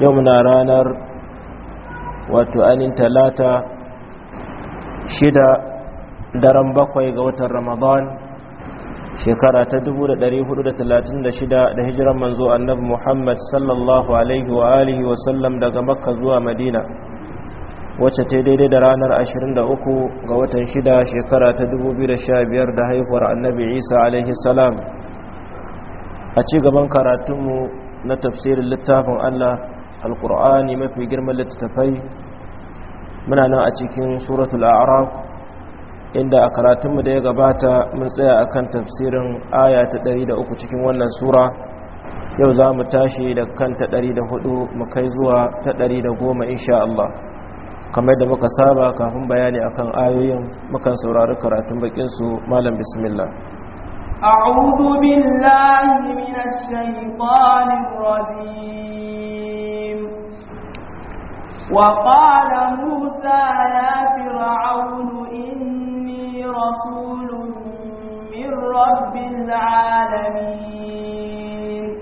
yau muna ranar wato anin talata shida daren bakwai ga watan ramadan shekara ta 1436 da hijiran manzo annabi muhammad sallallahu alaihi wa alihi wa sallam daga makka zuwa madina wacce ta daidai da ranar 23 ga watan shida shekara ta 2015 da haihuwar annabi isa alaihi salam a ci gaban karatunmu na tafsirin littafin allah alkur'ani mafi girman littattafai muna nan a cikin suratul a'raf inda a karatunmu da ya gabata mun tsaya akan tafsirin aya ta 103 cikin wannan sura yau za mu tashi da kan ta 104 mu kai zuwa ta 110 insha Allah kamar da muka saba kafin bayani akan ayoyin mukan saurari karatun bakin su malam bismillah أعوذ بالله من الشيطان الرجيم وقال موسى يا فرعون إني رسول من رب العالمين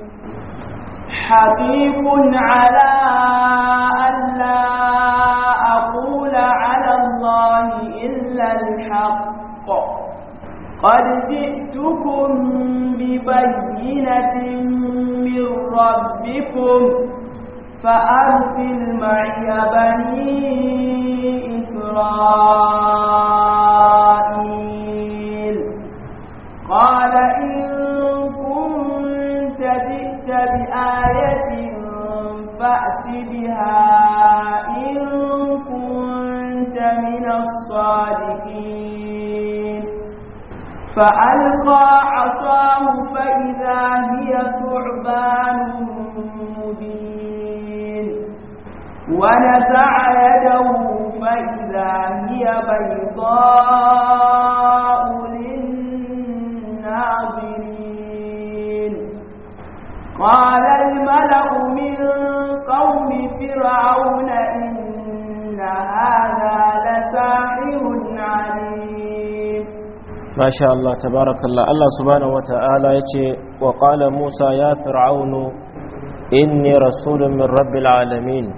حقيق على أن لا أقول على الله إلا الحق قد جئتكم ببينة من ربكم فأ أرسل معي بني إسرائيل قال إن كنت جئت بآية فأت بها إن كنت من الصادقين فألقى عصاه فإذا هي ثعبان ونزع يده فإذا هي بيضاء للناظرين قال الملأ من قوم فرعون إن هذا لساحر masha Allah tabarakallah Allah subhanahu wata'ala yace wa qala Musa ya Fir'aunu inni rasulun min rabbil alamin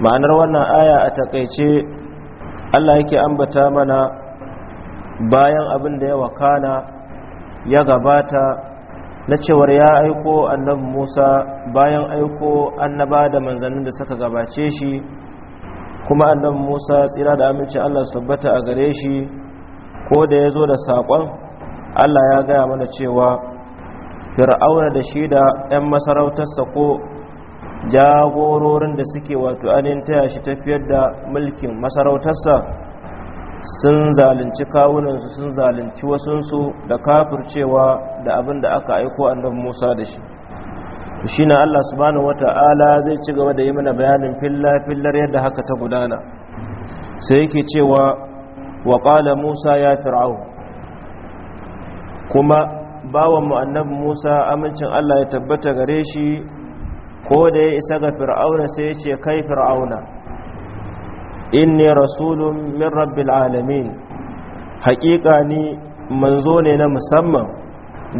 ma'anar wannan aya a takaice allah yake ambata mana bayan abin da ya wakana ya gabata na cewar ya aiko annabi musa bayan aiko annaba da manzannin da suka gabace shi kuma annabi musa tsira da amincin allah su tabbata a gare shi ko da ya zo da saƙon allah ya gaya mana cewa fir'auna da shi da 'yan masarautarsa ko jagororin da suke wato anin taya shi tafiyar da mulkin masarautarsa sun zalunci kawunansu sun zalunci wasunsu da kafircewa da abin da aka aiko annabi musa da shi shi na allah subhanahu wata'ala zai ci gaba da yi mana bayanin filla-fillar yadda haka ta gudana sai yake cewa wa musa ya fir'au kuma bawan mu annabi musa amincin allah ya tabbata gare shi ko da ya isa ga fir'auna sai ya ce kai fir'auna inni rasulun min rabbil alamin haƙiƙa ni manzo ne na musamman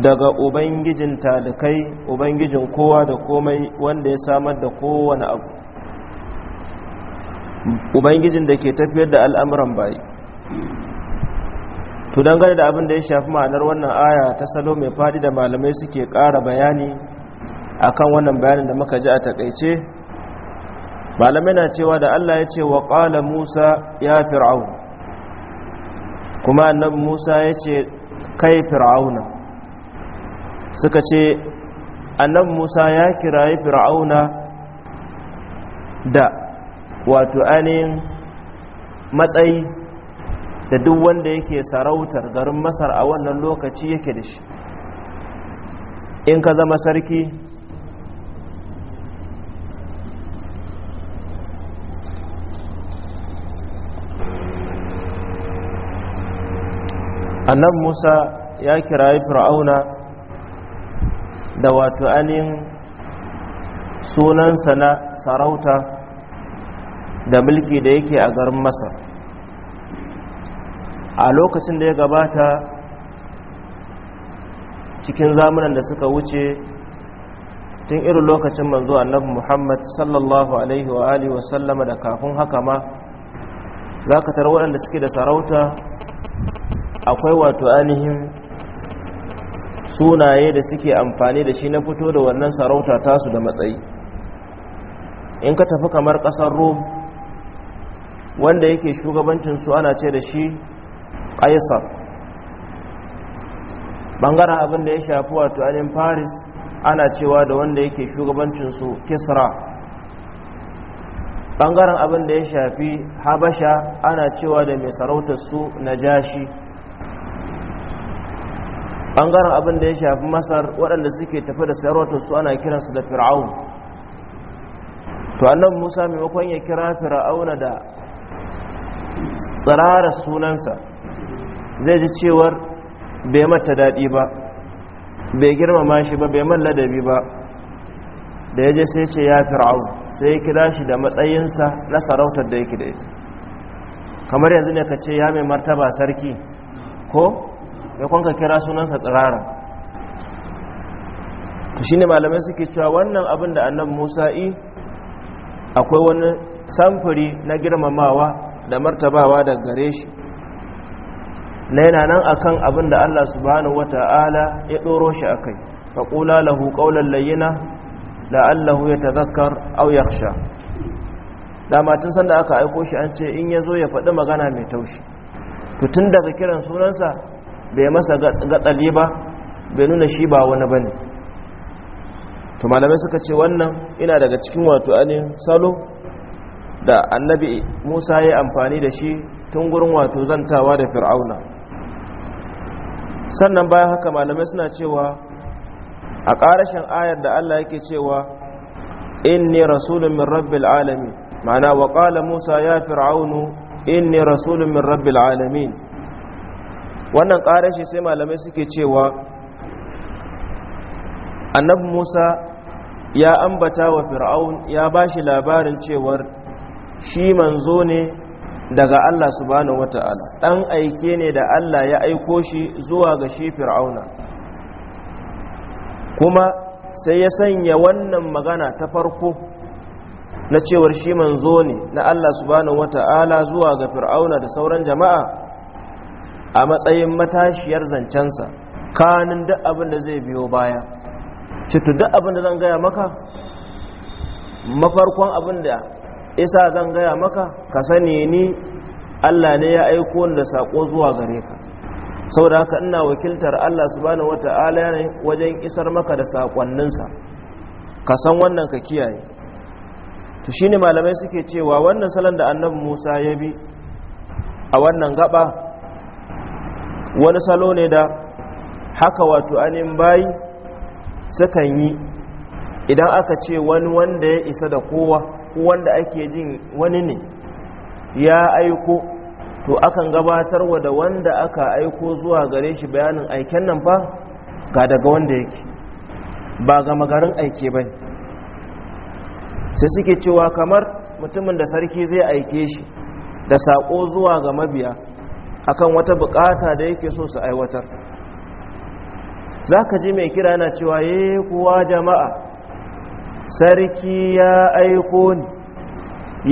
daga ubangijin talikai ubangijin kowa da komai wanda ya samar da kowane abu ubangijin da ke tafiyar da al'amuran bayi to da abin da ya shafi ma'anar wannan aya ta salo mai fadi da malamai suke ƙara bayani akan wannan bayanin da muka ji a takaice malamai na cewa da Allah ya ce wa qala Musa ya fir'aun kuma annabi Musa ya ce kai fir'auna suka ce annabi Musa ya kirayi fir'auna da wato ainihin matsayi da duk wanda yake sarautar garin masar a wannan lokaci yake da shi in ka zama sarki annan musa ya kirayi fir'auna da wato anin sunansa na sarauta da mulki da yake a garin masar a lokacin da ya gabata cikin zamanin da suka wuce tun irin lokacin manzo annabi muhammad sallallahu alaihi wa alihi da kafin haka ma za ka tara waɗanda suke da sarauta akwai wato ainihin sunaye da suke amfani da shi na fito da wannan sarauta tasu da matsayi in ka tafi kamar ƙasar rom wanda yake shugabancin su ana ce da shi Kaisar. ɓangaren abin da ya shafi wato ainihin paris ana cewa da wanda yake shugabancin su kisra bangaren abin da ya shafi habasha ana cewa da mai sarautar su na jashi bangaren abin da ya shafi masar waɗanda suke tafi da sayarwar su ana kiransu da fir'aun to annan musa maimakon ya kira fir'auna da tsirara sunansa zai ji cewar bai mata daɗi ba bai girmama shi ba bai man ladabi ba da ya je sai ce ya fir'aun sai ya kira shi da matsayinsa na sarautar da yake da ita kamar yanzu ne ka ce ya mai martaba sarki ko ya kwanka kira sunansa tsirara shi shine malamai suke cewa wannan abin da annan Musa i akwai wani samfuri na girmamawa da martabawa da gare shi na yana nan akan abin da Allah subhanahu wata'ala ya ɗoro shi kai ka ƙula lahu qawlan layyina da allahu ya yakhsha dama tun sanda aka aiko shi an ce in ya zo ya faɗi magana mai taushi to daga kiran sunansa bai masa gatsali ba bai nuna shi ba wani ba ne to malamai suka ce wannan ina daga cikin wato ainihin salo da annabi musa ya amfani da shi tun gurin wato zantawa da fir'auna sannan bayan haka malamai suna cewa a ƙarashin ayar da allah yake cewa inni rasulun min rabbil alamin ma'ana wa ƙala musa ya fir'aunu inni rasulun min rabbil alamin wannan ƙarar shi sai malamai suke cewa annabi musa ya ambata wa fir'aun ya ba shi labarin cewar shi manzo ne daga allah subhanahu wata'ala ɗan aike ne da allah ya aiko shi zuwa ga shi fir'auna kuma sai ya sanya wannan magana ta farko na cewar shi manzo ne na allah subhanahu wata'ala zuwa ga fir'auna da sauran jama'a a matsayin matashiyar zancensa kanin duk abin da zai biyo baya citu duk abin da zan gaya maka mafarkon abin da isa zan gaya maka ka sani ni allah ne ya aiko da sako zuwa gare ka saboda haka ina wakiltar allah subhanahu wata'ala ne wajen isar maka da sakonninsa. ka san wannan ka kiyaye to shine malamai suke cewa wannan salon da annabi musa ya bi a wannan gaba wani salo ne da haka wato anin bayi sukan yi idan aka ce wani wanda ya isa da kowa wanda ake jin wani ne ya aiko to akan gabatar wa da wanda aka aiko zuwa gare shi bayanin aiken nan fa ga daga wanda yake ba ga magarin aike ba sai suke cewa kamar mutumin da sarki zai aike shi da saƙo zuwa ga mabiya akan wata bukata da yake so su aiwatar za ka ji mai kira na cewa ye eh, kuwa jama'a sarki ya aiko ni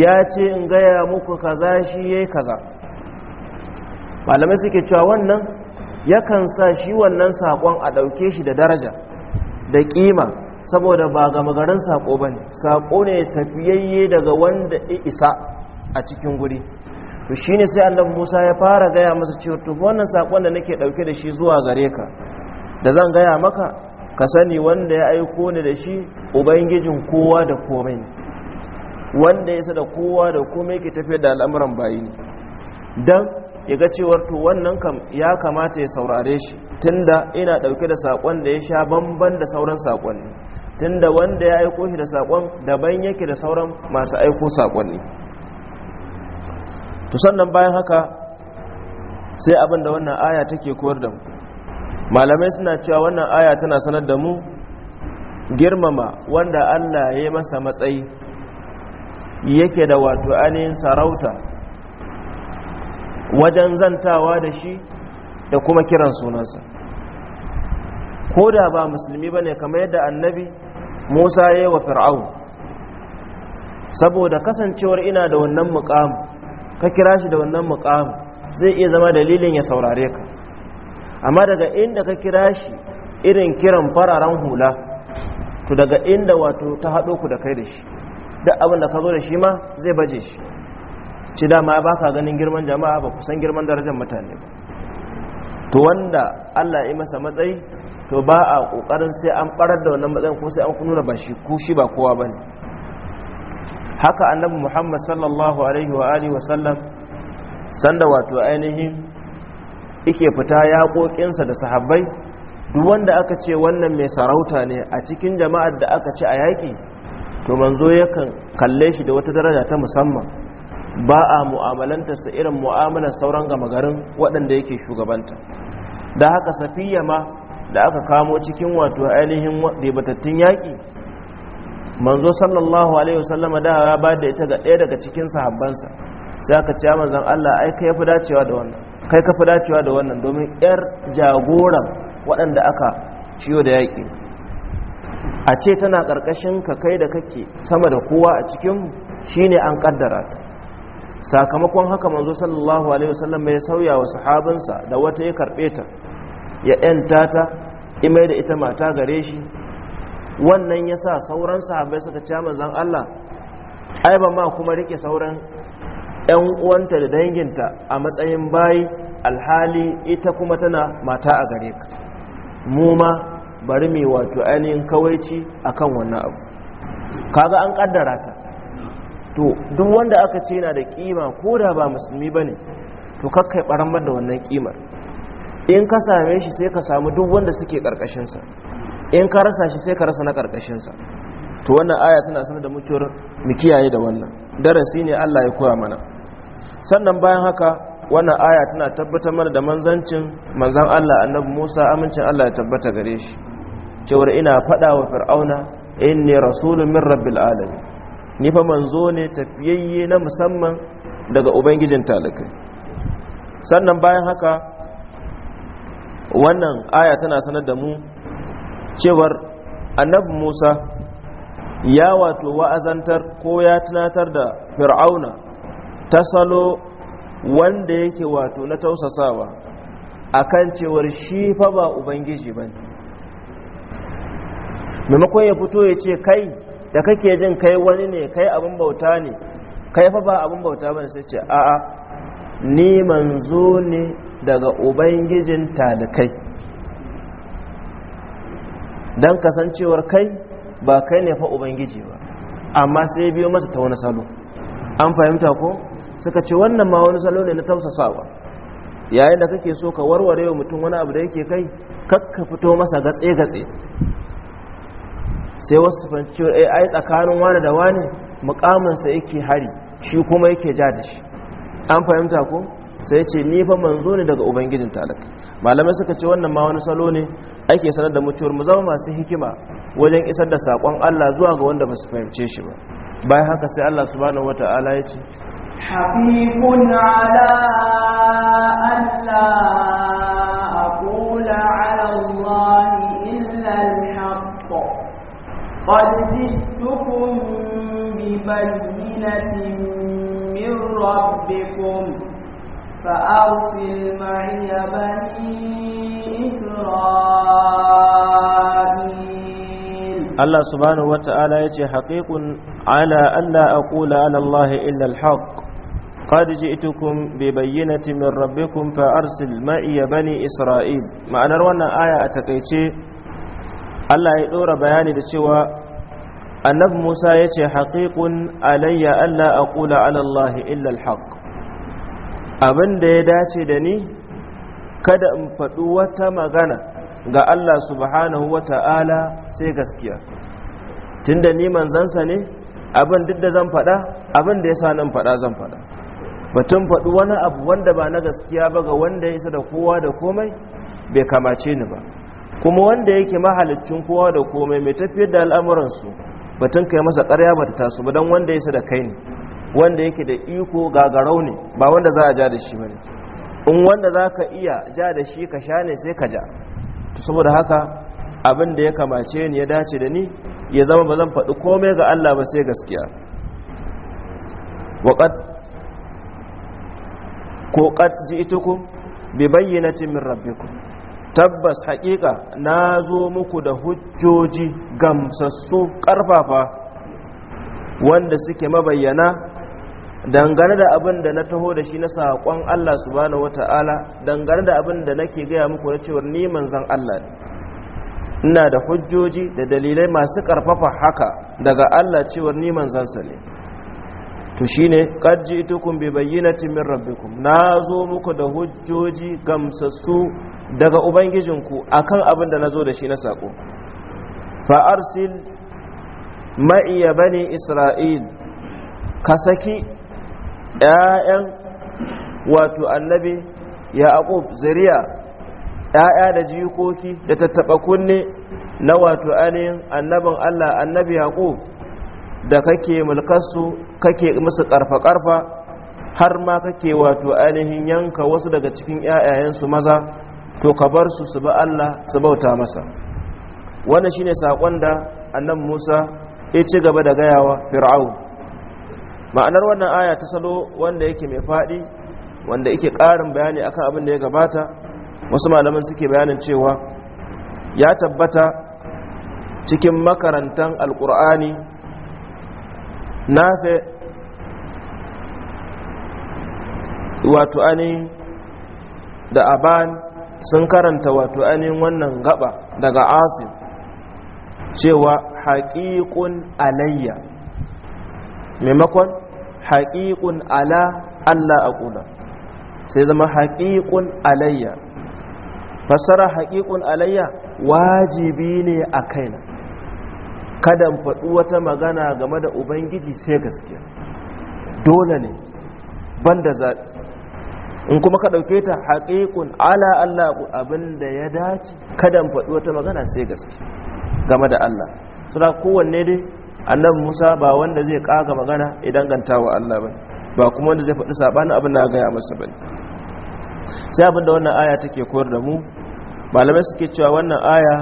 ya ce in gaya muku kaza shi ya kaza malamai suke cewa wannan yakan sa shi wannan saƙon a ɗauke shi da daraja da ƙima saboda ba gama garin saƙo ba ne saƙo ne tafiyayye daga wanda isa a cikin guri to shi ne sai annabi Musa ya fara gaya masa cewa to wannan sakon da nake ɗauke da shi zuwa gare ka da zan gaya maka ka sani wanda ya aiko ni da shi ubangijin kowa da komai wanda ya da kowa da komai yake tafiyar da al'amuran bayi ne dan ya ga cewar to wannan kam ya kamata ya saurare shi tunda ina dauke da sakon da ya sha bamban da sauran ne tunda wanda ya aiko shi da sakon daban yake da sauran masu aiko sakonni to sannan bayan haka sai abin da wannan aya take koyar da mu malamai suna cewa wannan aya tana sanar da mu girmama wanda Allah ya yi masa matsayi yake da wato ainihin sarauta wajen zantawa da shi da kuma kiran sunansa ko da ba musulmi ba ne kamar yadda annabi musa ya yi wa fir'aun saboda kasancewar ina da wannan mukamu ka kira shi da wannan muƙamin zai iya zama dalilin ya saurare ka amma daga inda ka kira shi irin kiran fararen hula to daga inda wato ta haɗo ku da kai da shi duk abin da ka zo da shi ma zai baje shi ci dama ba ka ganin girman jama'a ba kusan girman darajar mutane ba to wanda Allah ya masa matsayi to ba a kokarin sai an barar da wannan matsayin ko sai an nuna ba shi ko shi ba kowa bane haka annabi muhammad sallallahu alaihi wa alihi wa sallam sanda wato ainihin yake fita yaƙoƙinsa da sahabbai duk wanda aka ce wannan mai sarauta ne a cikin jama'ar da aka ce a yaƙi to manzo yakan kalle shi da wata daraja ta musamman ba a mu'amalantarsa irin mu'amalar sauran gama garin waɗanda yake shugabanta da haka safiya ma da aka kamo cikin wato ainihin ribatattun yaƙi manzo sallallahu alaihi wasallam da ya ba da ita ga ɗaya daga cikin sahabbansa sai aka ce manzon Allah ai kai fi dacewa da wannan kai ka fi dacewa da wannan domin yar jagoran waɗanda aka ciyo da yaƙi a ce tana ƙarƙashin ka kai da kake sama da kowa a cikin shine an kaddara ta sakamakon haka manzo sallallahu alaihi wasallam ya sauya wa sahabinsa da wata ya karbe ta ya yanta ta imai da ita mata gare shi wannan ya sa sauran sahabai suka ce manzan Allah ai ba ma kuma rike sauran 'yan uwanta da danginta a matsayin bayi alhali ita kuma tana mata a gare ka mu ma bari mai wato ainihin kawaici akan wannan abu kaga an ƙaddara ta to duk wanda aka ce yana da kima ko da ba musulmi bane to kakkai baramar da wannan kimar in ka same shi sai ka samu duk wanda suke ƙarƙashinsa. in ka rasa shi sai ka rasa na karkashinsa to wannan aya tana sanar da mutuwar mu kiyaye da wannan darasi ne Allah ya koya mana sannan bayan haka wannan aya tana tabbatar mana da manzancin manzan Allah annabi Musa amincin Allah ya tabbata gare shi cewar ina faɗa wa fir'auna inni rasulun min rabbil alamin ni fa manzo ne tafiyayye na musamman daga ubangijin talakai sannan bayan haka wannan aya tana sanar da mu cewar annabi musa ya wato wa'azantar ko ya tunatar da fir'auna ta salo wanda yake wato na tausasawa akan cewar shi fa ba ubangiji ba maimakon ya fito ya ce kai da kake jin kai wani ne kai abin bauta ne kai fa ba abin bauta ba sai ce a'a ni manzo ne daga ubangijin talikai don kasancewar kai ba kai ne fa ubangiji ba amma sai ya biyo masa ta wani salo an fahimta ko suka ce wannan ma wani salo ne na tausasawa yayin da kake so ka warware wa mutum wani abu da yake kai kakka fito masa gatse-gatse sai wasu fahimci eh, ai tsakanin wani da wani mukaminsa yake hari shi kuma yake ja da shi an fahimta ko sai ce nifa manzo ne daga ubangijin talak malamai suka ce wannan ma wani salo ne ake sanar da mutuwar mu zama masu hikima wajen isar da sakon Allah zuwa ga wanda ba su fahimce shi ba bayan haka sai Allah subhanahu wataala ya ce habibun ala Allah aqula ala Allah illa al-haqq qad jitukum bi bayyinatin min rabbikum فأرسل معي بني إسرائيل الله سبحانه وتعالى يتي حقيق على أن لا أقول على الله إلا الحق قد جئتكم ببينة من ربكم فأرسل معي بني إسرائيل معنى روانا آية أتكيتي Allah ya ɗora bayani da cewa annabi Musa ya ce haƙiƙun alayya Allah a ƙula alallahi illal haq abin da ya dace da ni kada in faɗi wata magana ga Allah subhanahu wa ta'ala sai gaskiya tun da neman zansa ne abin duk da zan faɗa abin da ya sa nan faɗa zan faɗa batun faɗi wani abu wanda ba na gaskiya ba ga wanda ya isa da kowa da komai bai kamace ni ba kuma wanda yake mahalicin kowa da komai mai tafiyar da al'amuransu batun kai masa ƙarya ba ta taso ba don wanda ya isa da kai ne wanda yake da iko gagarau ne ba wanda za a ja da shi ne, in wanda za ka iya ja da shi ka sha ne sai ka ja saboda haka abin da ya kamace ni ya dace da ni ya zama ba zan faɗi komai ga Allah ba sai gaskiya waƙad ko ƙad ji ituku bi bayyanatin min rabbikum tabbas haƙiƙa na zo muku da hujjoji gamsassu ƙarfafa wanda suke mabayyana dangane da abin da na taho da shi na saƙon Allah subhanahu wata'ala dangane da abin da nake gaya muku na cewar ni manzon Allah ina da hujjoji da dalilai masu ƙarfafa haka daga Allah cewar ni manzon sa ne to shine qadji itukum bi bayyinatin min rabbikum nazo muku da hujjoji gamsassu daga ubangijinku akan abin da na zo da shi na saƙo fa arsil ma'iya bani isra'il ka saki 'ya'yan wato annabi yaqub zuriya 'ya'ya da jikoki da tattaɓa kunne na wato ainihin annabin allah annabi yaqub da kake mulkarsu kake musu karfa-karfa har ma kake wato ainihin yanka wasu daga cikin 'ya'yayensu maza to ka bar su su ba Allah su bauta masa wannan shine sakon da annabi Musa ya ci gaba da gayawa Fir'aun ma'anar wannan aya ta salo wanda yake mai faɗi wanda yake ƙarin bayani akan abin da ya gabata wasu malaman suke bayanin cewa ya tabbata cikin makarantan alƙur'ani nafe wato ainihin da aban sun karanta wato ainihin wannan gaba daga asim cewa haƙiƙun alayya maimakon haƙiƙun ala Allah a sai zama haƙiƙun alayya fassara haƙiƙun alayya wajibi ne a kaina kada faɗi wata magana game da ubangiji sai gaskiya dole ne ban da zaɓi in kuma ka ɗauke ta haƙiƙun ala Allah abin da ya dace kada faɗi wata magana sai gaskiya game da Allah suna kowanne dai annabi musa ba wanda zai kaga magana idan gantawa allah ba ba kuma wanda zai faɗi saɓanin abin da gaya masa ba sai abin da wannan aya take koyar da mu malamai suke cewa wannan aya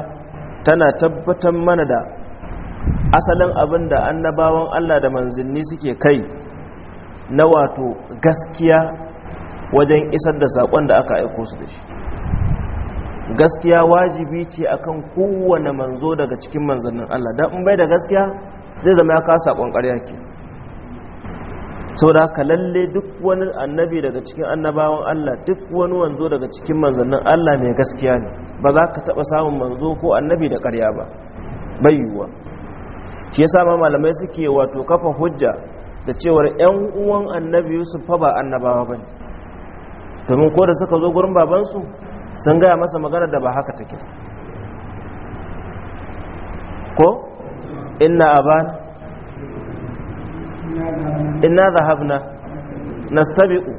tana tabbatar mana da asalin abin da annabawan allah da manzanni suke kai na wato gaskiya wajen isar da saƙon da aka aiko su da shi gaskiya wajibi ce akan kowane manzo daga cikin manzannin Allah dan in bai da gaskiya zai zama ya kasa sakon ƙarya ke sau lalle duk wani annabi daga cikin annabawan Allah duk wani wanzo daga cikin manzannin Allah mai gaskiya ne ba za ka taɓa samun manzo ko annabi da ƙarya ba yiwuwa shi yasa ma malamai suke wato kafa hujja da cewar yan uwan annabi Yusuf fa ba annabawa bane domin ko da suka zo gurin babansu sun gaya masa magana da ba haka take ko inna abana inna zahabna nastabiqu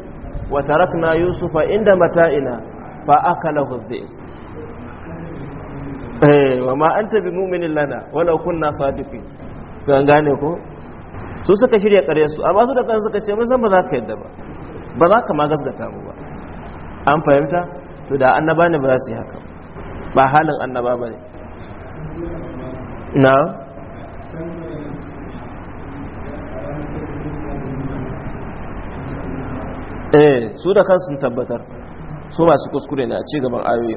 wa tarakna yusufa inda mata'ina fa akalahu dhi'b eh wa ma anta bi mu'minin lana walau kunna sadiqin kan gane ko su suka shirya kare su amma su da kansu suka ce mun san ba za ka yadda ba ba za ka ma gasgata mu ba an fahimta to da annaba ne ba za su yi haka ba halin annaba ba ne na'am eh su da kansu tabbatar su masu kuskure na a ci gaban ayoyi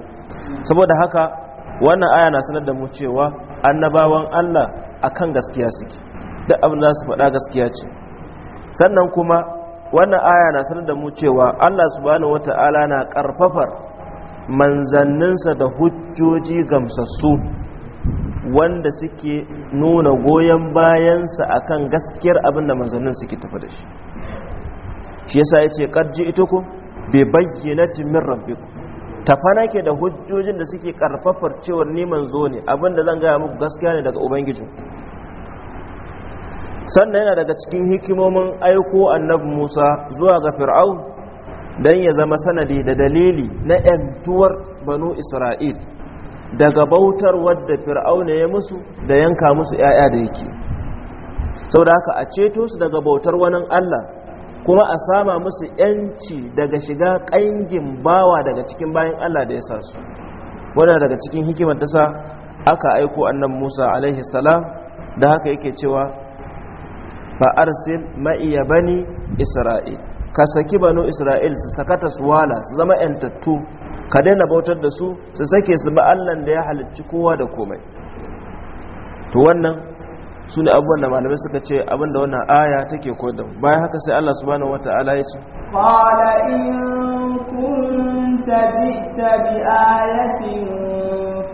saboda haka wannan aya na sanar da mu cewa annabawan Allah akan gaskiya suke duk abin da su faɗa gaskiya ce sannan kuma wannan aya na sanar da mu cewa Allah subhanahu wata'ala na karfafar manzanninsa da hujjoji gamsassu wanda suke nuna goyon bayansa akan gaskiyar abin da manzannin suke tafi da shi shi yasa yace qad ji'tukum bi bayyinatin min rabbikum tafana nake da hujjojin da suke karfafar cewar ni manzo ne da zan gaya muku gaskiya ne daga ubangiji sannan yana daga cikin hikimomin aiko annabi Musa zuwa ga Fir'aun dan ya zama sanadi da dalili na yantuwar banu Isra'il daga bautar wadda Fir'aun ya musu da yanka musu 'ya'ya da yake saboda haka a ceto su daga bautar wani Allah kuma a sama musu yanci daga shiga ƙangin bawa daga cikin bayan Allah da ya sa su wadda daga cikin hikimar ta sa aka aiko annan musa alaihi salam da haka yake cewa fa arsil ma'iya bani isra'il ka saki banu isra'il su sakata su wala su zama yantattu ka daina bautar da su su sake su ba allan da ya halicci kowa da komai to wannan su ne abubuwan da malamai suka ce abinda wannan aya take kodon bayan haka sai Allah subhanahu wata'ala ya ce qala in kunta bi ayatin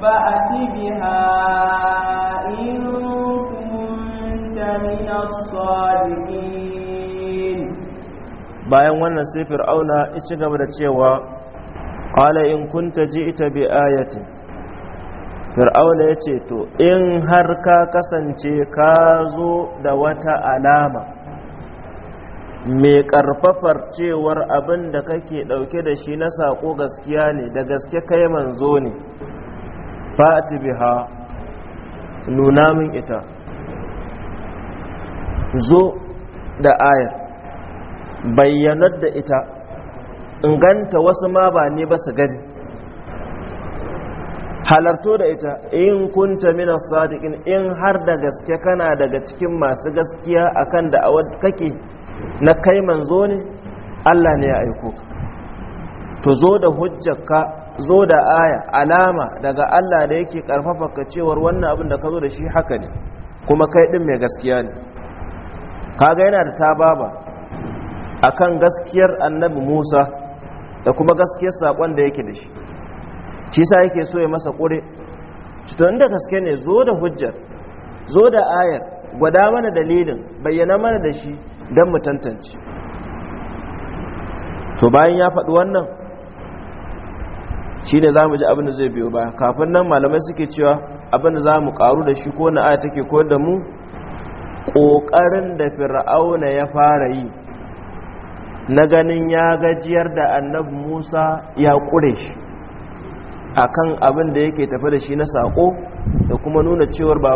biha in kunta min as-sadiqin bayan wannan sai fir'auna ya ci gaba da cewa qala in kunta ji'ta bi ayatin fir'auna ya ce to in har ka kasance ka zo da wata alama mai karfafar cewar abin da kake dauke da shi na sako gaskiya ne da gaske kai manzo ne fati biha nuna min ita zo da ayar bayyanar da ita inganta wasu ma ba ne ba su gani halarto da ita in kunta min sadiqin in har da gaske kana daga cikin masu gaskiya akan da awad kake na kai manzo ne Allah ne ya aiko ka to zo da hujjarka zo da aya alama daga Allah da yake karfafa ka cewar wannan abin da ka zo da shi haka ne kuma kai din mai gaskiya ne kaga yana da tababa akan gaskiyar annabi Musa da kuma gaskiyar sakon da yake da shi shi sa yake so ya masa ƙure to da gaske ne zo da hujjar zo da ayar gwada mana dalilin bayyana mana da shi don mu tantance to bayan ya faɗi wannan shi ne za mu ji abin da zai biyo ba kafin nan malamai suke cewa abin da za mu ƙaru da shi ko na aya take ko da mu ƙoƙarin da fir'auna ya fara yi na ganin ya gajiyar da annabi musa ya ƙure shi akan abin da yake tafi da shi na sako da kuma nuna cewar ba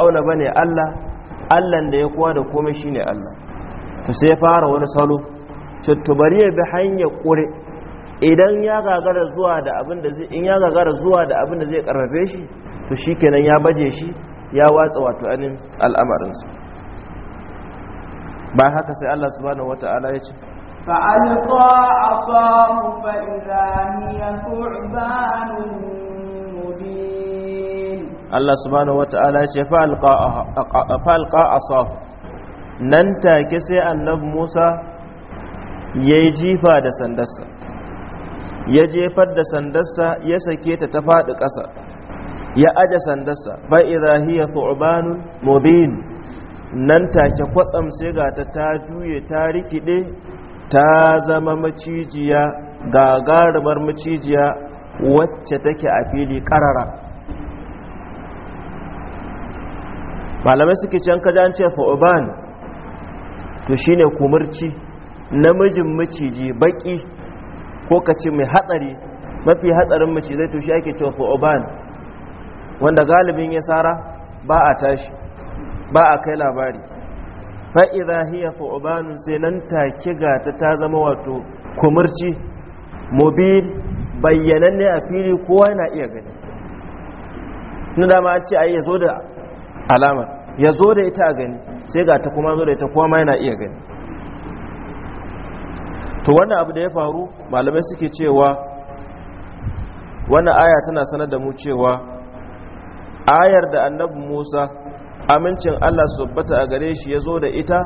aula ba ne Allah Allah da ya kuwa da komai ne Allah to sai fara wani salo to bari ya bi hanya kure idan ya gagara zuwa da abin da zai in ya gagara zuwa da abin da zai karrafe shi to kenan ya baje shi ya watsa wato anin al'amarinsu ba haka sai Allah subhanahu wataala ya ce فألقى عصاه فإذا هي ثعبان مبين الله سبحانه وتعالى فألقى, عصاه nan take sai annabi Musa ya yi jifa da sandarsa ya jefar da sandarsa ya sake ta ta faɗi ƙasa ya aje sandarsa bai irahiyar tu'banun mubin nan take kwatsam sai ga ta ta juye ta rikide ta zama macijiya gagarumar macijiya wacce take a fili karara malamai suke can kajan an ce fa'uban to shine kumurci namijin maciji baki ko kace mai hatsari mafi hatsarin macizai to shi ake cewa fa'uban wanda galibin ya sara ba a tashi ba a kai labari fa'iza hiya fa'ubanun sai nan take gata ta zama wato kumurci mobil ne a fili kowa yana iya gani na dama an ce a yi ya zo da alamar ya zo da ita a gani sai gata kuma zo da ita kowa ma yana iya gani to wannan abu da ya faru malamai suke cewa wannan aya tana sanar da mu cewa ayar da annabi musa amincin Allah su bata a gare shi ya zo da ita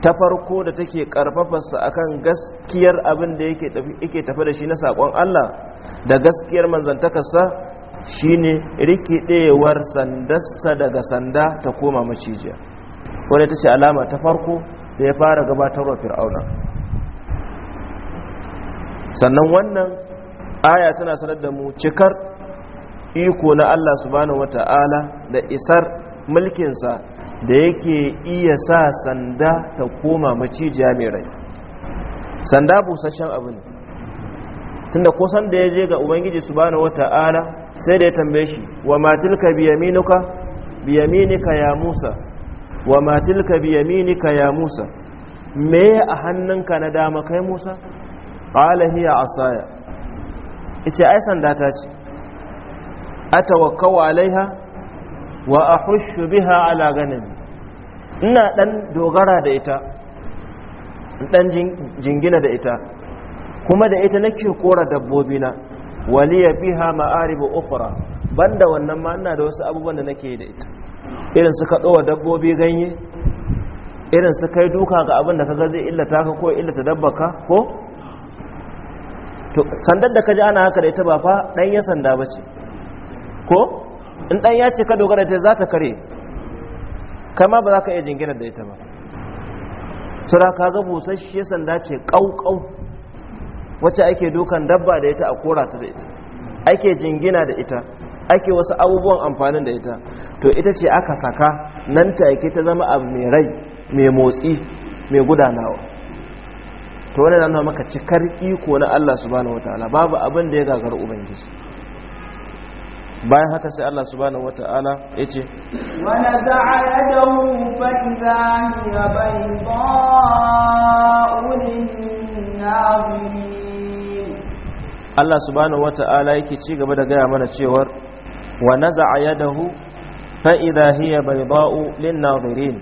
ta farko da take karfafarsa akan gaskiyar abin da yake tafi da shi na saƙon Allah da gaskiyar manzantakarsa shine rikidewar sandarsa daga sanda ta koma macijiya wadda ta ce alama ta farko da ya fara gabatar gabatarwa fir'auna sannan wannan aya tana sanar da mu cikar iko na Allah subhanahu wata'ala da isar mulkinsa da yake iya sa sanda ta koma mace jami'ai. sanda busasshen abu ne tunda kusan da ya je ga ubangiji su subhanahu wata'ala sai da ya tambaye shi wa matilka biyaminuka biyaminika ya musa wa matilka biyaminika ya musa me a hannunka na dama kai musa qala hiya asaya ita ai sanda ta ce atawakkaw alaiha wa ahushu biha ala ganin ina dan dogara da ita dan jingina da ita kuma da ita nake kora dabbobi na waliya biha ma'aribu ukhra banda wannan ma ina da wasu abubuwan da nake da ita irin su kadowa dabbobi ganye irin su kai duka ga abin da kaga zai illata ka ko illata ka ko to sandar da kaji ana haka da ita ba fa dan ya sanda bace ko in ɗan ya ce ka dogara ta za ta kare kama ba za ka iya jingina da ita ba sura ka ga busasshe sanda ce kaukau wacce ake dukan dabba da ita a kora ta da ita ake jingina da ita ake wasu abubuwan amfanin da ita to ita ce aka saka nan ta yake ta zama abu mai rai mai motsi mai gudanawa to wannan nan maka cikar iko na Allah subhanahu wataala babu abin da ya gagar ubangiji bayan haka sai Allah subhanahu wata'ala ya ce wani za'a da hufan zahira bai Allah subhanahu wata'ala yake ci gaba da gaya mana cewar wa naza'a yadahu fa idha hiya bayda'u lin-nadhirin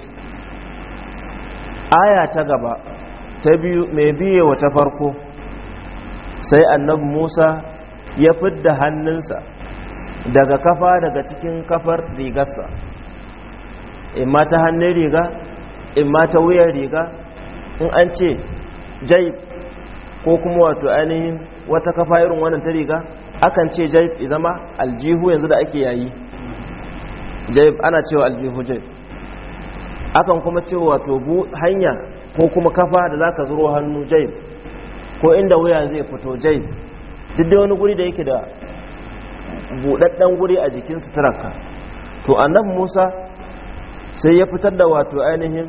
aya ta gaba ta biyu mai biye wa ta farko sai annabi Musa ya fidda hannunsa daga kafa daga cikin kafar rigarsa in ma ta hannun riga in ma ta wuyar riga in an ce jai ko kuma wato ainihin wata kafa irin wannan ta riga akan ce jai zama aljihu yanzu da ake yayi jai ana cewa aljihu jai akan kuma ce wato bu hanya ko kuma kafa da za ka zuro hannu jai ko inda wuya zai fito jai duk da wani guri da yake da buɗaɗɗen guri a jikin suturarka to annabi musa sai ya fitar da wato ainihin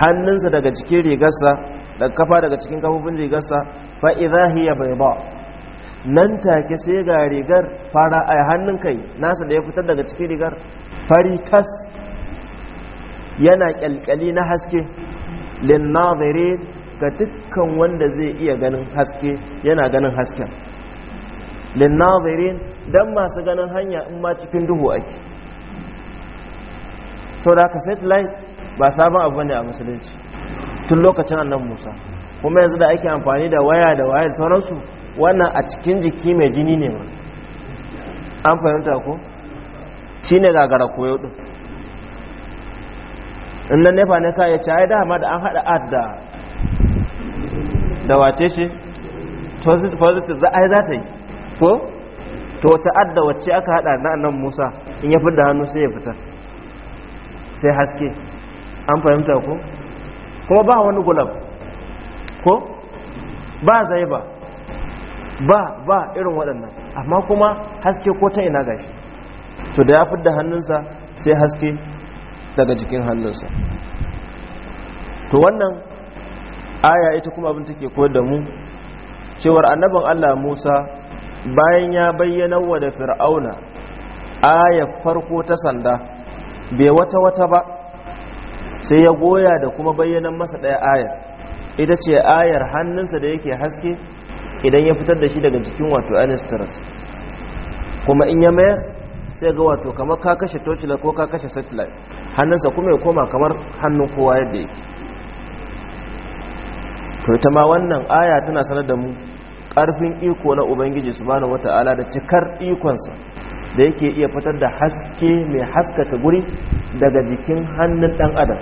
hannunsa daga cikin rigarsa daga kafa daga cikin kafofin rigarsa fa'iza hiya bai ba nan take sai ga rigar fara a hannun kai nasa da ya fitar daga cikin rigar fari tas yana kyalkyali na haske nazirin ga dukkan wanda zai iya ganin haske yana ganin hasken linnazirin dan masu ganin hanya in ma cikin duhu ake sau da aka satellite ba sabon abu ne a musulunci tun lokacin annan musa kuma yanzu da ake amfani da waya da waya da sauransu wannan a cikin jiki mai jini ne ma an fahimta ko shi ne gagara koyo din in ne nefa ne kayan ci da Amma da an haɗa ad da da wace shi positive za a yi za ta yi ko to wace adda wacce aka hada na annan musa in ya fidda hannu sai ya fita sai haske an fahimta ko kuma ba wani gulab ko ba zai ba ba ba irin waɗannan amma kuma haske ko ta ina gashi to da ya fidda hannunsa sai haske daga jikin hannunsa to wannan aya ita kuma abin take koyar da mu cewar annabin Allah Musa bayan ya bayyana wa da fir'auna aya farko ta sanda bai wata wata ba sai ya goya da kuma bayyanan masa ɗaya ayar ita ce ayar hannunsa da yake haske idan ya fitar da shi daga cikin wato anistrus kuma in ya mayar sai ga wato kamar ka kashe tocila ko ka kashe satellite hannunsa kuma ya koma kamar hannun kowa yadda yake to ita ma wannan aya tana sanar da mu Karfin iko na ubangiji subhanahu wata'ala da cikar ikonsa da yake iya fitar da haske mai haskata guri daga jikin hannun ɗan adam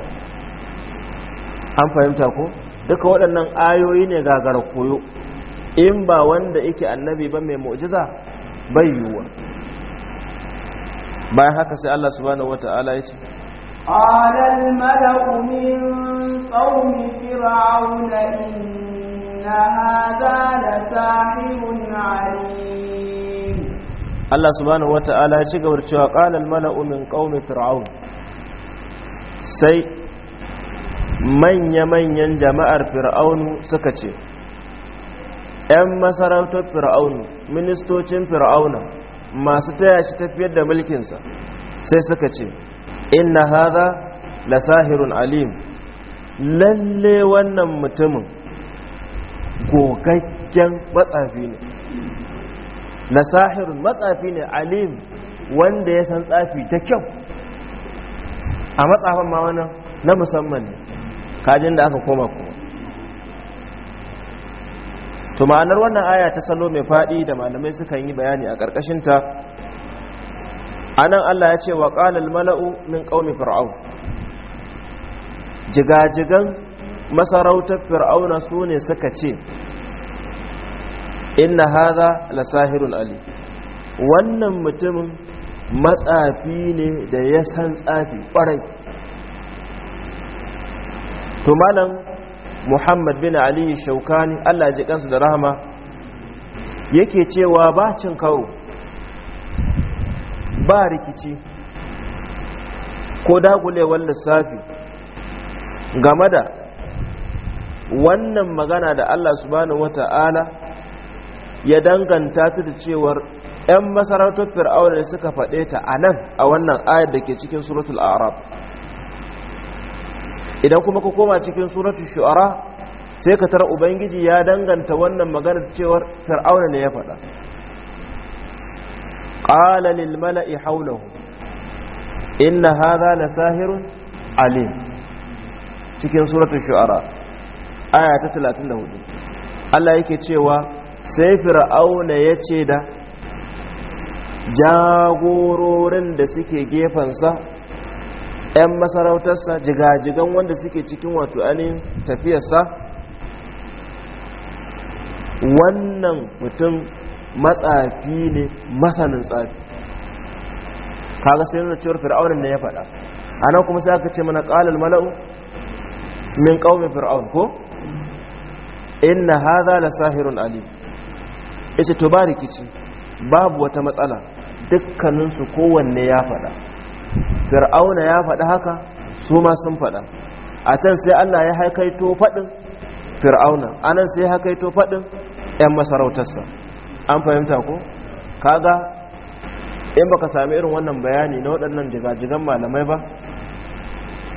an fahimta ko duka waɗannan ayoyi ne gagara koyo in ba wanda yake annabi ba mai mu'jiza bai yiwuwa bayan haka sai Allah subhanahu wata'ala ya ce قال الملأ من قوم فرعون Allah subhanahu wa ta’ala shi gabar cewa ƙalar mala’u min ƙaunin fir'aun sai manya-manyan jama'ar fir'aunu suka ce ‘yan masarautar fir'aunu ministocin fir'auna masu taya shi tafiyar da mulkinsa sai suka ce inna haza la sahirun alim lalle wannan mutumin gogaggen matsafi ne na sahirun matsafi ne alim wanda ya san tsafi ta kyau a matsafin ma wani na musamman ne kajin da aka koma kuma to wannan aya ta salo mai faɗi da malamai sukan yi bayani a ƙarƙashinta nan allah ya ce wa ƙalal mala'u min ƙaumi fir'au jigan masarautar fir'auna su ne suka ce inna haza la sahirun ali wannan mutumin matsafi ne da ya san tsafi kwarai malam muhammad bin ali shaukani allah ji kansu da rahama yake cewa ba cin karo ba rikici ko dagulewar lissafi game da wannan magana da Allah subhanahu wata'ala ya danganta ta da cewar 'yan masarautar fir'auna ne suka faɗe ta a nan a wannan ayar da ke cikin suratul arab idan kuma ka koma cikin suratul shu'ara sai ka tara ubangiji ya danganta wannan magana da cewar fir'auna ne ya faɗa ƙala lil mala'i haulahu inna haza na sahirun alim cikin suratul shu'ara aya ta 34 Allah yake cewa sai fir'auna ya ce da jagororin da suke gefensa 'yan masarautarsa jigajigan wanda suke cikin wato ainihin tafiyarsa wannan mutum matsafi ne masanin tsafi kaga sai nuna cewar fir'aunin ne ya faɗa a kuma sai aka ce mana ƙalal mala'u min ƙaumin fir'aun ko inna hadha la sahirun ali yace to ba rikici babu wata matsala dukkanin su kowanne ya faɗa fir'auna ya fada haka su ma sun faɗa a can sai Allah ya haikaito fadin fir'auna anan sai ya haikaito faɗin ƴan masarautarsa an fahimta ko kaga in baka sami irin wannan bayani na waɗannan jigajigan malamai ba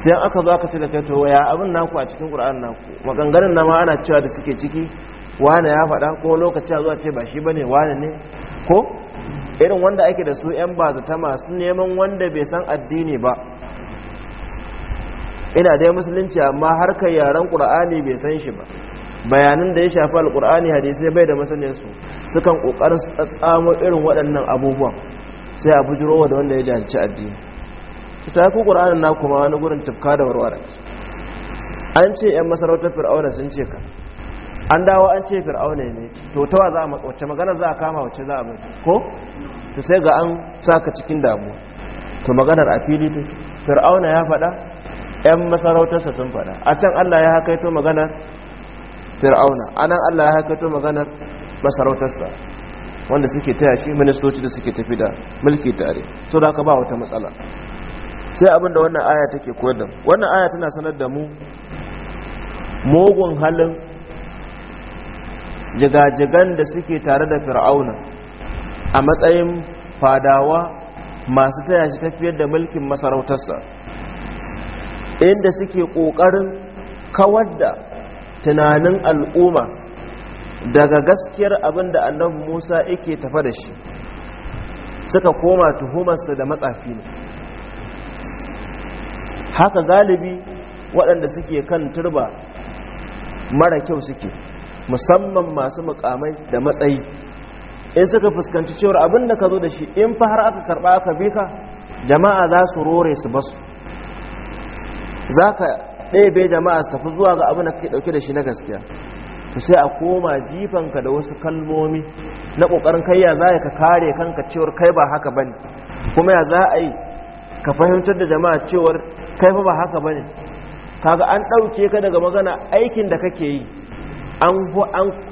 sai aka zo aka ce da kai to ya abin naku a cikin qur'an naku maganganun na ma ana cewa da suke ciki wane ya faɗa ko lokaci zuwa ce ba shi bane wane ne ko irin wanda ake da su yan ta masu neman wanda bai san addini ba ina dai musulunci amma harkar yaren qur'ani bai san shi ba bayanan da ya shafi alqur'ani hadisi bai da masanin su sukan kokarin tsatsamo irin waɗannan abubuwan sai a wa da wanda ya janci addini ta ku ƙur'anin na kuma wani gurin tafka da warware an ce 'yan masarautar fir'auna sun ce ka an dawo an ce fir'auna ne to tawa za a wacce magana za a kama wacce za a mai ko to sai ga an saka cikin damu to maganar a fili ta fir'auna ya faɗa 'yan masarautarsa sun faɗa a can allah ya haka maganar fir'auna anan allah ya haka ito maganar masarautarsa wanda suke taya shi ministoci da suke tafi da mulki tare so da ka ba wata matsala sai abin da wannan aya take koyar da wannan aya tana sanar da mu mugun halin jigajigan da suke tare da fir'auna a matsayin fadawa masu taya shi tafiyar da mulkin masarautarsa inda suke ƙoƙarin kawar da tunanin al'umma daga gaskiyar abin da annabi musa yake tafa da shi suka koma tuhumarsa da matsafi ne haka galibi waɗanda suke kan turba mara kyau suke musamman masu mukamai da matsayi in suka fuskanci cewar abin da ka zo da shi in fa har aka karɓa aka bi ka jama'a za su rore su basu za ka ɗebe jama'a su tafi zuwa ga abin da kake ɗauke da shi na gaskiya ku sai a koma jifanka da wasu kalmomi na ƙoƙarin kai ya za ka kare kanka cewar kai ba haka bane kuma ya za a yi ka fahimtar da jama'a cewar kai fa ba haka bane kaga an ɗauke ka daga magana aikin da kake yi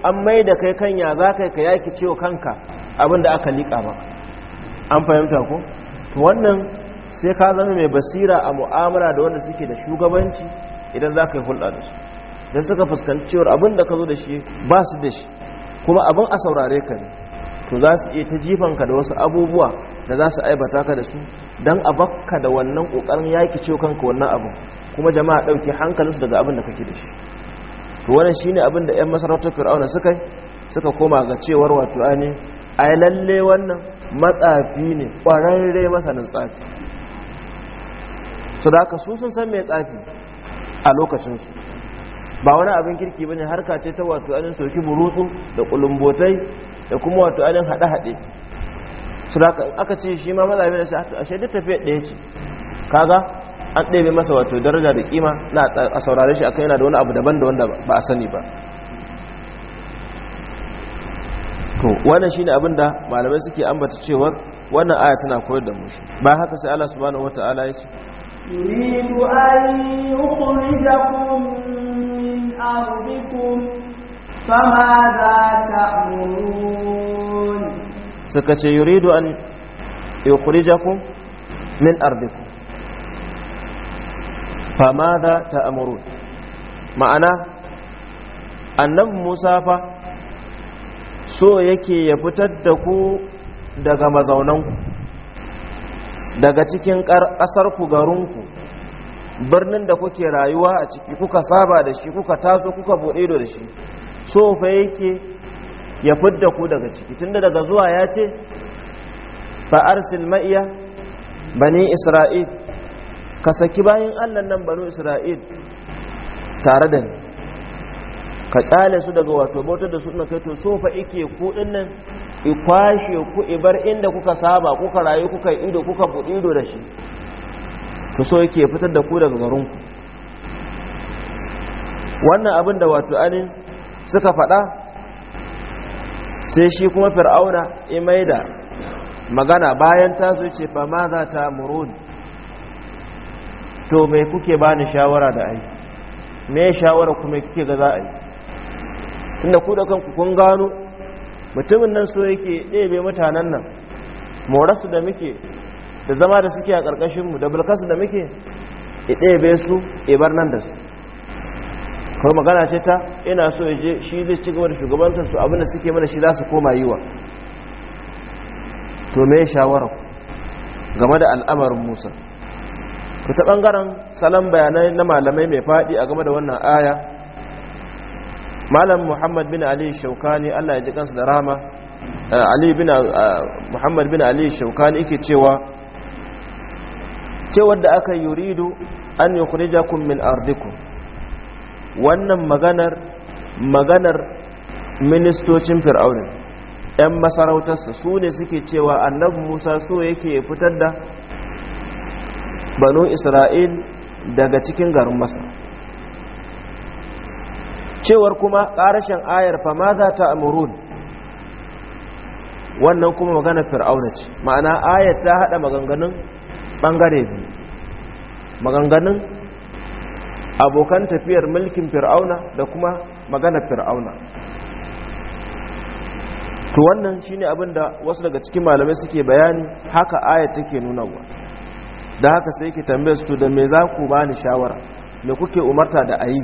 an mai da kai kan ya za kai ka yaki cewa kanka abin da aka liƙa ba an fahimta ko to wannan sai ka zama mai basira a mu'amala da wanda suke da shugabanci idan za ka yi hulɗa da su da suka fuskanci cewar abin da ka zo da shi ba su da shi kuma abin a saurare ka ne to za su iya ta jifanka da wasu abubuwa da za su aibata ka da su don a baka da wannan ƙoƙarin yaƙi ciwo kanka wannan abun kuma jama'a ɗauki hankalinsu daga abin da kake da shi to wannan ne abin da 'yan masarautar fir'auna suka suka koma ga cewar wato ainihin ai lalle wannan matsafi ne ƙwararre masanin tsafi su da aka su sun san mai tsafi a lokacinsu ba wani abin kirki bane harka ce ta wato ainihin soki burutsu da kulumbotai da kuma wato ainihin haɗe-haɗe su da aka ce shi ma da shi a shaidu tafiya ɗaya ce kaga an ɗebe masa wato daraja da kima na a saurare shi kai yana da wani abu daban da wanda ba a sani ba to wannan ne abin da malamai suke ambata cewar wannan aya tana koyar da mushi ba haka sai Allah subhanahu wataala ya ce yuridu an yukhrijakum min ardikum fama za ta'murun suka ce yuridu an yukhrijakum min da ta amuru ma'ana annan Musa fa so yake ya fitar da ku daga mazaunanku daga cikin ƙasarku garinku birnin da kuke rayuwa a ciki kuka saba da shi kuka taso kuka buɗe da shi so fa yake ya fudda ku daga ciki tunda daga zuwa ya ce fa arsil ma'iya bani isra'il ka saki bayan allah nan bani isra'il tare da ni ka kyale su daga wato bautar da su na kai to so fa ike ku nan i kwashe ku ibar inda kuka saba kuka rayu kuka ido kuka buɗe ido da shi to so yake fitar da ku daga garinku wannan abin da wato anin suka faɗa sai shi kuma fir'auna ya mai da magana bayan ta zo ce ba ma za ta murun to mai kuke ba ni shawara da ai me shawara kuma kike ga za a yi tunda ku da kanku kun gano mutumin nan so yake ɗebe mutanen nan morasu da muke da zama da suke a ƙarƙashinmu da bulkasu da muke ɗebe su ibar nan da su kawai magana ce ta ina so ya je shi zai ci gaba da shugabantarsu abinda suke mana shi za su koma yiwa to me shawarar game da al'amarin musa ku ta ɓangaren salon bayanai na malamai mai faɗi a game da wannan aya malam muhammad bin ali shaukani allah ya ji kansu da rama eh, eh, muhammad bin ali shaukani yake cewa cewar da aka yuridu an yi kurijakun min ardikun wannan maganar maganar ministocin fir'aunin ‘yan masarautarsa su ne suke cewa annabi musa so yake fitar da banu isra'il daga cikin garin masa cewar kuma ƙarashin ayar fama za ta amurun wannan kuma magana fir'auna ce ma'ana ayar ta haɗa maganganun ɓangare biyu maganganun abokan tafiyar mulkin fir'auna da kuma magana fir'auna to wannan shine abin da wasu daga cikin malamai suke bayani haka ayat take wa da haka sai yake tambaye su to da me za ku bani shawara me kuke umarta da ayi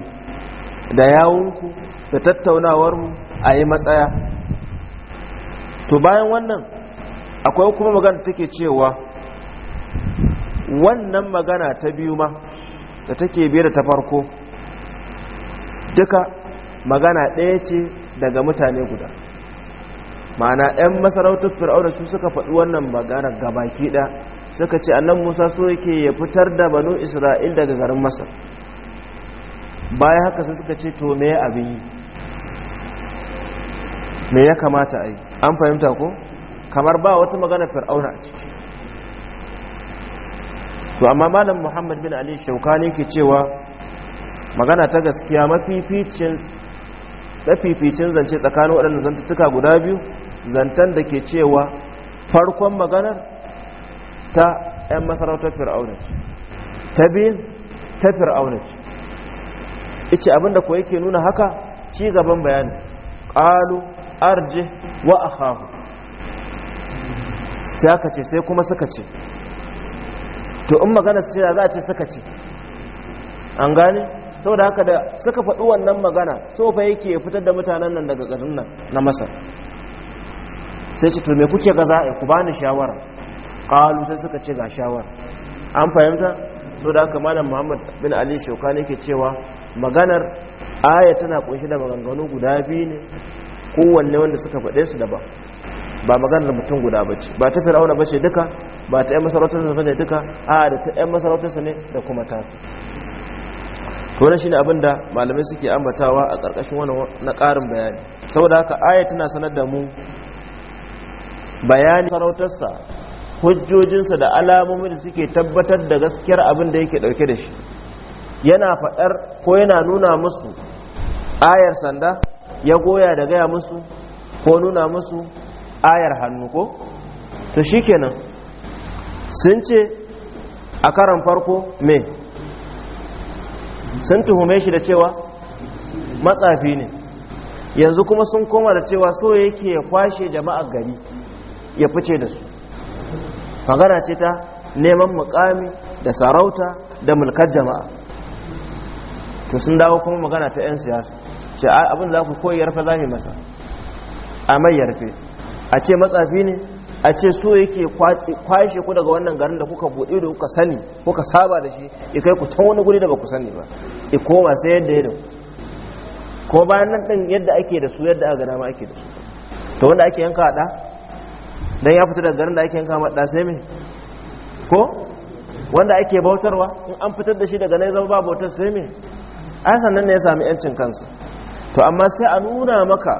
da yawunku da tattaunawar mu ayi matsaya to bayan wannan akwai kuma magana take cewa wannan magana ta biyu ma da take biye da ta farko duka magana ɗaya ce daga mutane guda ma'ana 'yan masarautar fir'auna su suka faɗi wannan magana baki ɗaya suka ce annan musa so yake ya fitar da banu isra'il daga garin masar bayan haka sai suka ce to me abin yi me ya kamata a yi an fahimta ko kamar ba wata magana fir'auna a ciki to amma malam muhammad bin ali shaukani ke cewa magana ta gaskiya mafificin zance tsakanin waɗanda zantattuka guda biyu zantan da ke cewa farkon maganar ta 'yan masarautar fir'auna ta biyun ta fir'auna ce abinda kuwa yake nuna haka ci gaban bayani ƙalu arje wa akhahu sai aka ce sai kuma suka ce to in magana su ce za a ce suka ce an gane saboda haka da suka faɗi wannan magana so fa yake fitar da mutanen nan daga garin nan na masar sai ce to me kuke ga za a eh, ku bani shawara qalu sai suka ce ga shawara an fahimta to da haka malam Muhammad bin Ali ne ke cewa maganar aya tana kunshi da maganganu guda biyu ne kowanne wanda suka faɗe su daban ba maganar mutum guda bace ba ta fir'auna ce duka ba ta 'yan masarautarsa ne duka a da ta 'yan masarautarsa ne da kuma tasu wannan shine abin da malamai suke ambatawa a ƙarƙashin wannan na ƙarin bayani saboda haka ayat tana sanar da mu bayani sarautarsa hujjojinsa da alamomin da suke tabbatar da gaskiyar abin da yake ɗauke da shi yana faɗar ko yana nuna musu ayar sanda ya goya da gaya musu ko nuna musu ayar hannu ko to shi shikenan sun ce a karan farko me sun tuhume shi da cewa matsafi ne yanzu kuma sun koma da cewa so yake ya kwashe jama'ar gari ya fice da su magana ce ta neman mukami da sarauta da mulkar jama'a to sun dawo kuma magana ta 'yan siyasa ce abin za ku koyi yarfe za masa a mai yarfe a ce matsafi ne a ce so yake kwashe ku daga wannan garin da kuka buɗe da kuka sani kuka saba da shi ya kai ku can wani guri da ba ku sani ba ya koma sai yadda ya ko bayan nan ɗin yadda ake da su yadda aka dama ake da su to wanda ake yanka ɗa don ya fita daga garin da ake yanka ma ɗa sai me ko wanda ake bautarwa in an fitar da shi daga nan zama ba bautar sai mai ai sannan ne ya sami yancin kansa to amma sai a nuna maka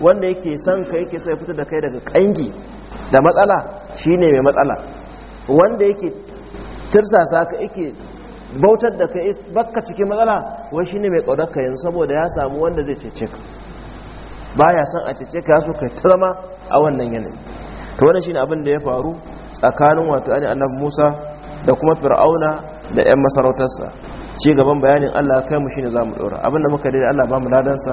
wanda yake son ka yake sai fitar da kai daga kangi da matsala shine mai matsala wanda yake tirsasa ka yake bautar da ka baka cikin matsala wai shine mai kaunar yin yanzu saboda ya samu wanda zai cece ka baya san a cece ka so kai ta zama a wannan yanayi to shi shine abin da ya faru tsakanin wato ani annabi Musa da kuma Fir'auna da yan masarautarsa ci gaban bayanin Allah kai mu shi ne za mu dora abin da muka dai Allah ba mu ladansa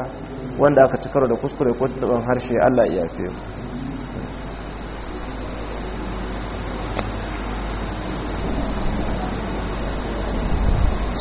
wanda aka ci karo da kuskure ko da harshe Allah iya fiye